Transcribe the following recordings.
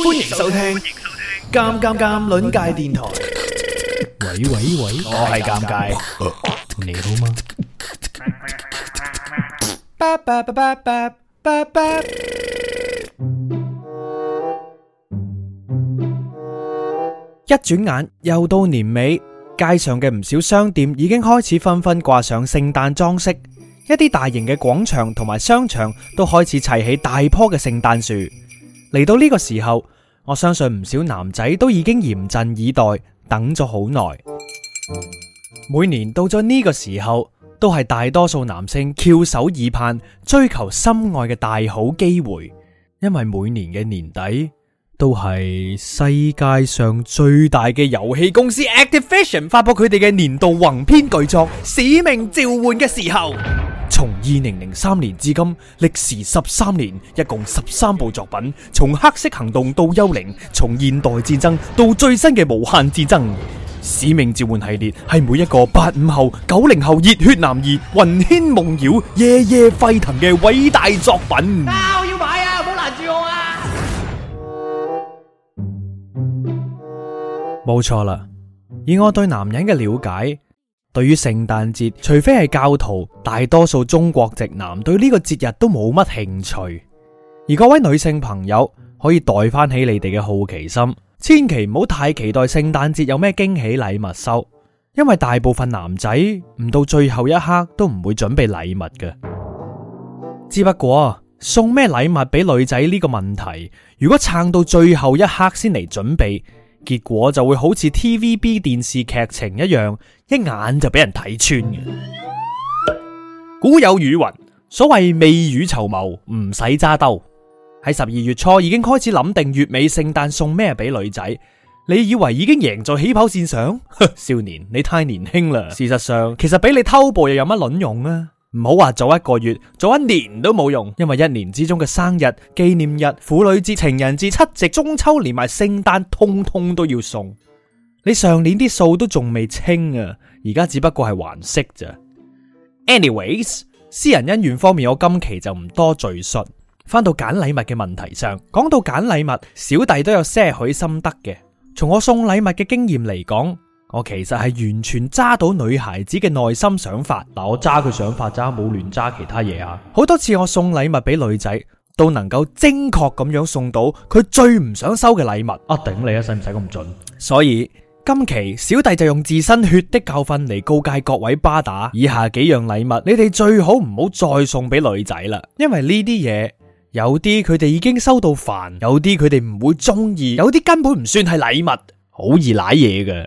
歡迎收聽《尷尷尷》論界電台。喂喂喂，我係尷尬，你好嗎？一轉眼又到年尾，街上嘅唔少商店已經開始紛紛掛上聖誕裝飾，一啲大型嘅廣場同埋商場都開始砌起大棵嘅聖誕樹。嚟到呢個時候，我相信唔少男仔都已經嚴陣以待，等咗好耐。每年到咗呢個時候，都係大多數男性翹首以盼，追求心愛嘅大好機會，因為每年嘅年底。都係世界上最大嘅遊戲公司 Activision 發佈佢哋嘅年度宏篇巨作《使命召喚》嘅時候，從二零零三年至今，歷時十三年，一共十三部作品，從黑色行動到幽靈，從現代戰爭到最新嘅無限戰爭，《使命召喚》系列係每一個八五後、九零後熱血男兒魂牽夢繞、夜夜沸騰嘅偉大作品。冇錯啦，以我對男人嘅了解，對於聖誕節，除非係教徒，大多數中國直男對呢個節日都冇乜興趣。而各位女性朋友可以代翻起你哋嘅好奇心，千祈唔好太期待聖誕節有咩驚喜禮物收，因為大部分男仔唔到最後一刻都唔會準備禮物嘅。只不過送咩禮物俾女仔呢個問題，如果撐到最後一刻先嚟準備。結果就會好似 TVB 電視劇情一樣，一眼就俾人睇穿嘅。 古有語云：所謂未雨綢繆，唔使揸兜。喺十二月初已經開始諗定月尾聖誕送咩俾女仔，你以為已經贏在起跑線上？ 少年你太年輕啦。事實上，其實俾你偷步又有乜卵用啊？唔好話早一個月，早一年都冇用，因為一年之中嘅生日、紀念日、婦女節、情人節、七夕、中秋，連埋聖誕通通都要送。你上年啲數都仲未清啊，而家只不過係還息咋。Anyways，私人恩怨方面，我今期就唔多贅述。翻到揀禮物嘅問題上，講到揀禮物，小弟都有些許心得嘅。從我送禮物嘅經驗嚟講。我其實係完全揸到女孩子嘅內心想法嗱，但我揸佢想法揸，冇亂揸其他嘢啊！好多次我送禮物俾女仔，都能夠精確咁樣送到佢最唔想收嘅禮物啊！頂你啊，使唔使咁準？所以今期小弟就用自身血的教訓嚟告誡各位巴打以下幾樣禮物，你哋最好唔好再送俾女仔啦，因為呢啲嘢有啲佢哋已經收到煩，有啲佢哋唔會中意，有啲根本唔算係禮物，好易瀨嘢㗎。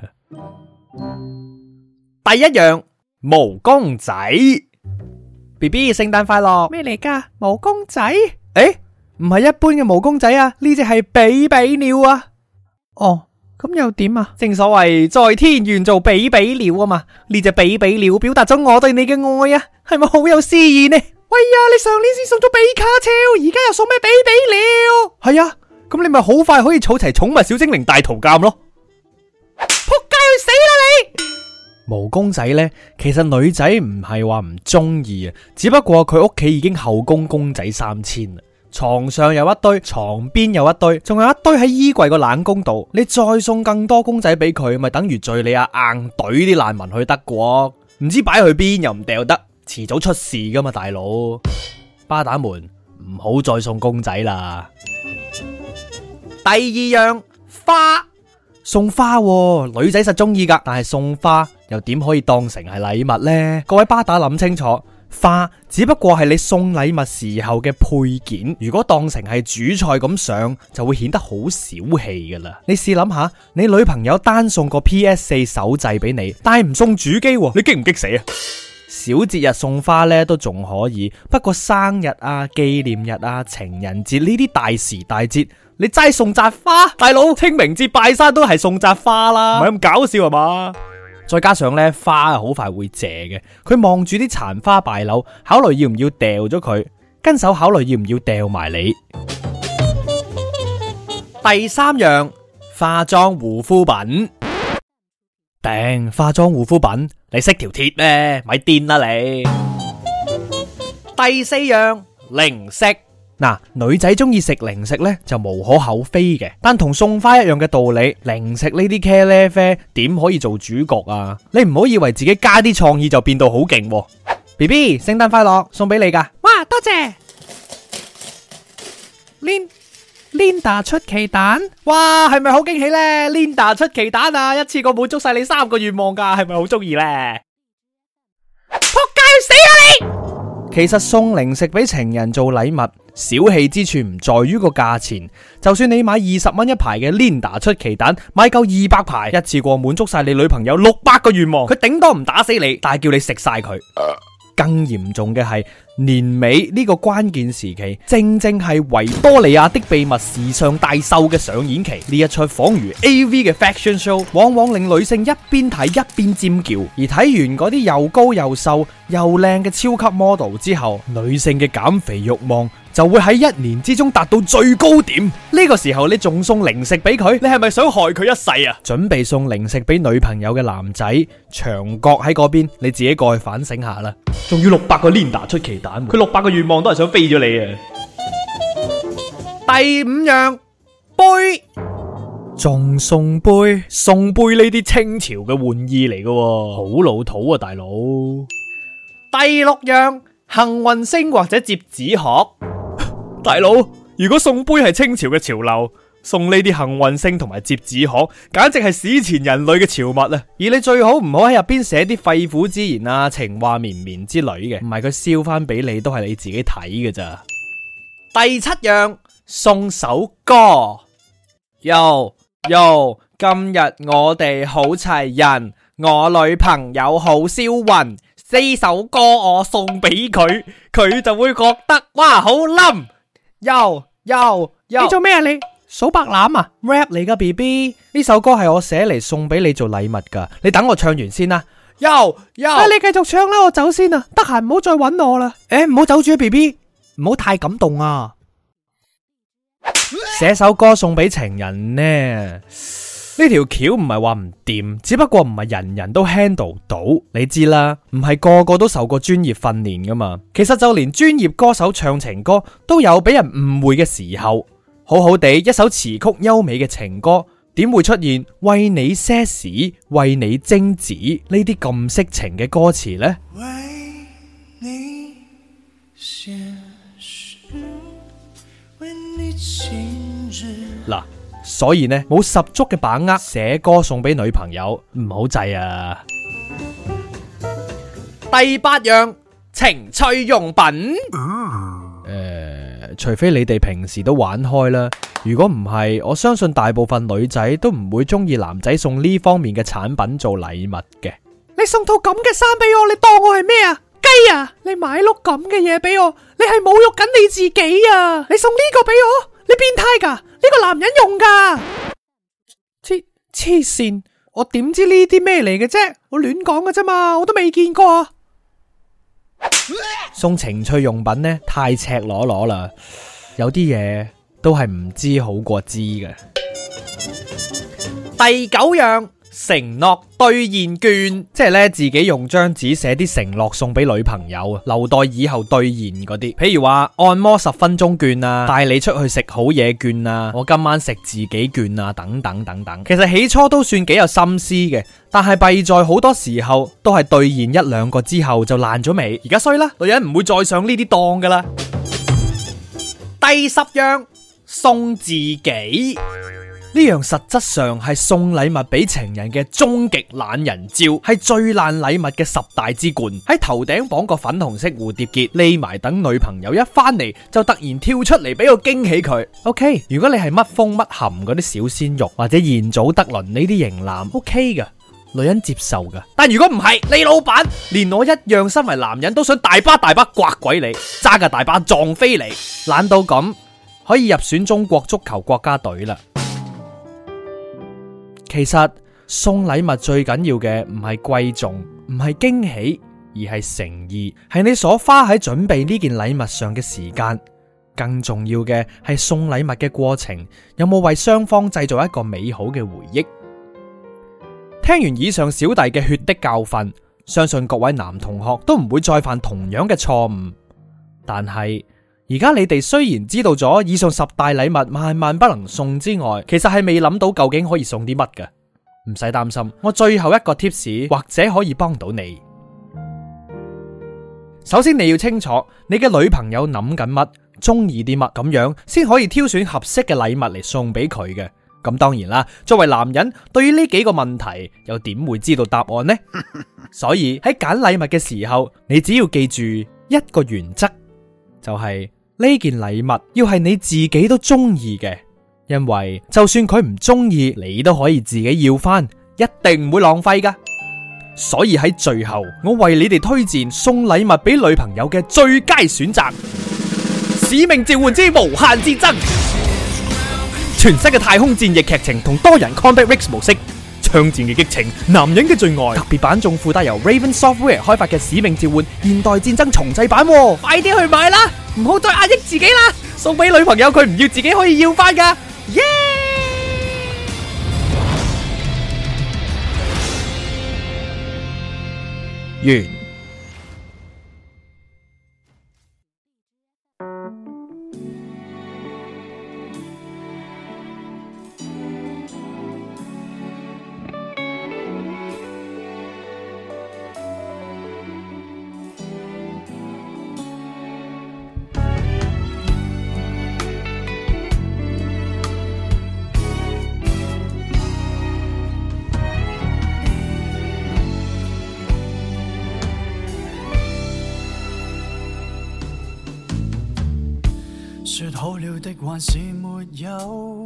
第一樣毛公仔，B B 聖誕快樂咩嚟噶毛公仔？誒，唔係、欸、一般嘅毛公仔啊，呢隻係比比鳥啊。哦，咁又點啊？正所謂在天願做比比鳥啊嘛，呢隻比比鳥表達咗我對你嘅愛啊，係咪好有詩意呢？喂呀，你上年先送咗比卡超，而家又送咩比比鳥？係呀、嗯，咁、啊、你咪好快可以儲齊《寵物小精靈大圖鑒》咯。 毛公仔呢？其實女仔唔係話唔中意啊，只不過佢屋企已經後宮公仔三千啦，床上有一堆，床邊有一堆，仲有一堆喺衣櫃個冷宮度。你再送更多公仔俾佢，咪等於敘利亞硬懟啲難民去德國，唔知擺去邊又唔掉得，遲早出事噶嘛，大佬。 巴打們唔好再送公仔啦。第二樣花。送花喎，女仔實中意噶，但係送花又點可以當成係禮物呢？各位巴打諗清楚，花只不過係你送禮物時候嘅配件，如果當成係主菜咁上，就會顯得好小氣噶啦。你試諗下，你女朋友單送個 PS4 手掣俾你，但係唔送主機喎，你激唔激死啊？小節日送花呢都仲可以，不過生日啊、紀念日啊、情人節呢啲大時大節。你齋送扎花，大佬，哥清明節拜山都係送扎花啦，唔係咁搞笑係嘛？再加上呢，花好快會謝嘅，佢望住啲殘花敗柳，考慮要唔要掉咗佢，跟手考慮要唔要掉埋你。第三樣，化妝護膚品，頂 化妝護膚品，你識條鐵咩？咪癲啦你！第四樣，零食。嗱、呃，女仔中意食零食呢，就無可厚非嘅。但同送花一樣嘅道理，零食呢啲茄喱啡點可以做主角啊？你唔好以，以為自己加啲創意就變到好勁。B B，聖誕快樂，送俾你噶。哇，多謝。Linda in, 出奇蛋，哇，係咪好驚喜呢？Linda 出奇蛋啊，一次過滿足晒你三個願望噶，係咪好中意呢？仆街，死啦你！其實送零食俾情人做禮物，小氣之處唔在於個價錢，就算你買二十蚊一排嘅 Linda 出奇蛋，買夠二百排，一次過滿足晒你女朋友六百個願望，佢頂多唔打死你，但係叫你食晒佢。更嚴重嘅係年尾呢個關鍵時期，正正係維多利亞的秘密時尚大秀嘅上演期，呢一出仿如 AV 嘅 Fashion Show，往往令女性一邊睇一邊尖叫，而睇完嗰啲又高又瘦又靚嘅超級 model 之後，女性嘅減肥欲望。就會喺一年之中達到最高點。呢、這個時候你仲送零食俾佢，你係咪想害佢一世啊？準備送零食俾女朋友嘅男仔牆角喺嗰邊，你自己過去反省下啦。仲要六百個 Linda 出奇蛋，佢六百個願望都係想飛咗你啊。第五樣杯，仲送杯送杯呢啲清朝嘅玩意嚟嘅、哦，好老土啊，大佬。第六樣幸運星或者摺紙鶴。大佬，如果送杯係清朝嘅潮流，送呢啲幸運星同埋摺紙鶴，簡直係史前人類嘅潮物啊！而你最好唔好喺入邊寫啲肺腑之言啊，情話綿綿之類嘅，唔係佢燒翻俾你都係你自己睇嘅咋。第七樣，送首歌。喲喲，今日我哋好齊人，我女朋友好銷魂，四首歌我送俾佢，佢就會覺得哇好冧。又又又，你做咩啊？你數白欖啊？rap 嚟噶 B B，呢首歌係我寫嚟送俾你做禮物噶，你等我唱完先啦。又又，你繼續唱啦，我走先啦。得閒唔好再搵我啦。誒，唔好走住 B B，唔好太感動啊。寫首歌送俾情人呢？呢條橋唔係話唔掂，只不過唔係人人都 handle 到，你知啦，唔係個個都受過專業訓練噶嘛其實就連專業歌手唱情歌，都有俾人誤會嘅時候。好好地一首詞曲優美嘅情歌，點會出現為你撒屎、為你精子呢啲咁色情嘅歌詞呢？為你寫詩、為你靜止。嗱。所以呢，冇十足嘅把握寫歌送俾女朋友，唔好制啊！第八樣情趣用品，誒、 呃，除非你哋平時都玩開啦。如果唔係，我相信大部分女仔都唔會中意男仔送呢方面嘅產品做禮物嘅。你送套咁嘅衫俾我，你當我係咩啊？雞啊！你買碌咁嘅嘢俾我，你係侮辱緊你自己啊！你送呢個俾我。你變態噶？呢、這個男人用噶？黐黐線！我點知呢啲咩嚟嘅啫？我亂講嘅啫嘛，我都未見過。送情趣用品呢，太赤裸裸啦！有啲嘢都係唔知好過知嘅。第九樣。承諾兌現券，即係咧自己用張紙寫啲承諾送俾女朋友，留待以後兌現嗰啲，譬如話按摩十分鐘券啦、啊，帶你出去食好嘢券啦、啊，我今晚食自己券啊，等等等等。其實起初都算幾有心思嘅，但係弊在好多時候都係兌現一兩個之後就爛咗尾。而家衰啦，女人唔會再上呢啲當噶啦。第十樣送自己。呢樣實質上係送禮物俾情人嘅終極懶人招，係最爛禮物嘅十大之冠。喺頭頂綁個粉紅色蝴蝶結，匿埋等女朋友一返嚟就突然跳出嚟俾個驚喜佢。O、okay, K，如果你係乜風乜含嗰啲小鮮肉或者彥祖德倫呢啲型男，O K 噶，女人接受噶。但如果唔係你老闆，連我一樣身為男人都想大巴大巴刮鬼你，揸架大巴撞飛你，懶到咁可以入選中國足球國家隊啦。其實送禮物最緊要嘅唔係貴重，唔係驚喜，而係誠意，係你所花喺準備呢件禮物上嘅時間。更重要嘅係送禮物嘅過程，有冇為雙方製造一個美好嘅回憶。聽完以上小弟嘅血的教訓，相信各位男同學都唔會再犯同樣嘅錯誤。但係，而家你哋雖然知道咗以上十大禮物萬萬不能送之外，其實係未諗到究竟可以送啲乜嘅。唔使擔心，我最後一個 tips 或者可以幫到你。 首先你要清楚你嘅女朋友諗緊乜，中意啲乜，咁樣先可以挑選合適嘅禮物嚟送俾佢嘅。咁當然啦，作為男人，對於呢幾個問題又點會知道答案呢？ 所以喺揀禮物嘅時候，你只要記住一個原則，就係、是。呢件禮物要係你自己都中意嘅，因為就算佢唔中意,你都可以自己要返，一定唔會浪費噶。所以喺最後，我為你哋推薦送禮物俾女朋友嘅最佳選擇——《 使命召喚之無限戰爭》，全新嘅太空戰役劇情同多人 combat x 模式。向戰嘅激情，男人嘅最愛，特別版仲附帶由 Raven Software 開發嘅《使命召喚：現代戰爭重製版》，快啲去買啦！唔好再壓抑自己啦，送俾女朋友佢唔要，自己可以要翻噶，耶、yeah!！完。說好了的還是沒有，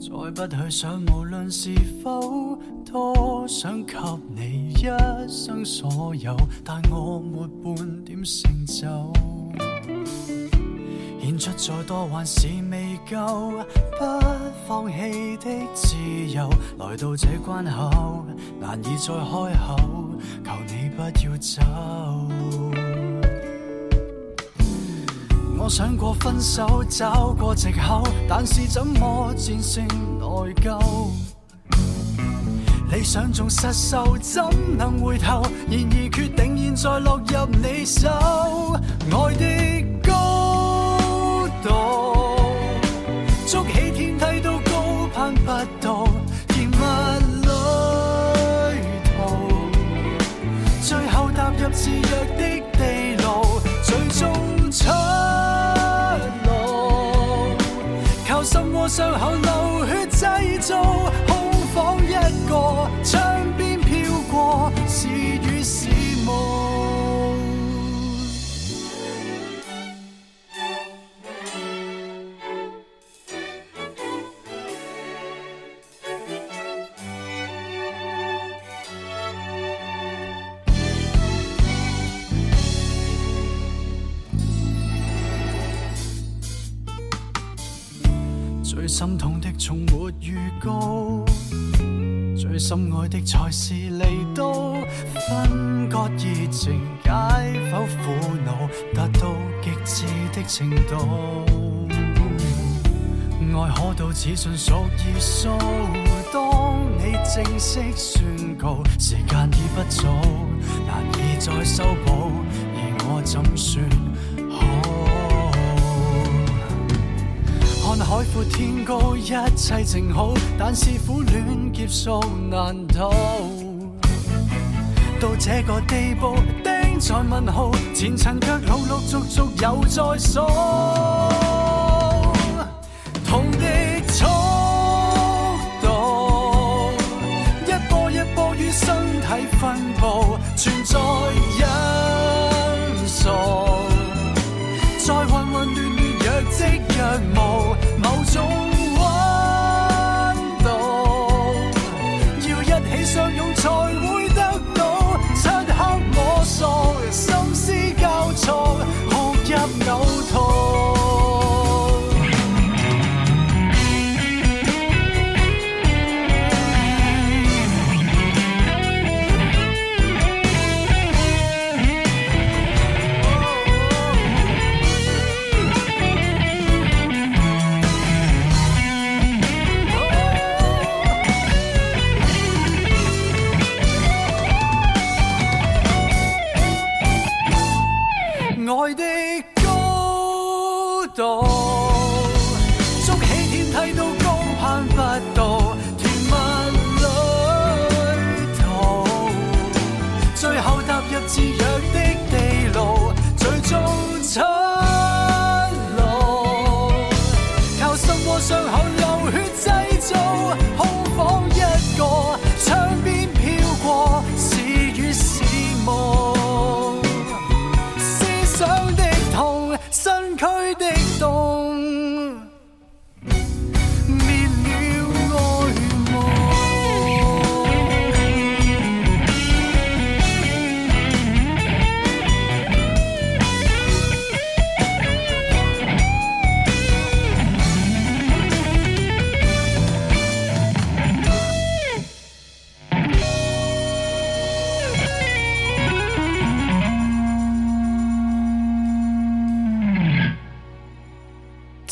再不去想，無論是否多想給你一生所有，但我沒半點成就。獻出再多還是未夠，不放棄的自由，來到這關口，難以再開口，求你不要走。我想過分手，找個借口，但是怎麼戰勝內疚？理想縱失守，怎能回頭？然而決定現在落入你手，愛的。心痛的從沒預告，最心愛的才是離島。分割熱情，解剖苦惱，達到極致的程度。愛可到此盡數而數，當你正式宣告，時間已不在。見過一切靜好，但是苦戀劫數難逃。到這個地步，釘在問號，前塵卻陸陸續續又在數，同的速度，一波一波於身體分佈存在。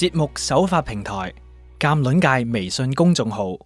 節目首發平台：鑒論界微信公眾號。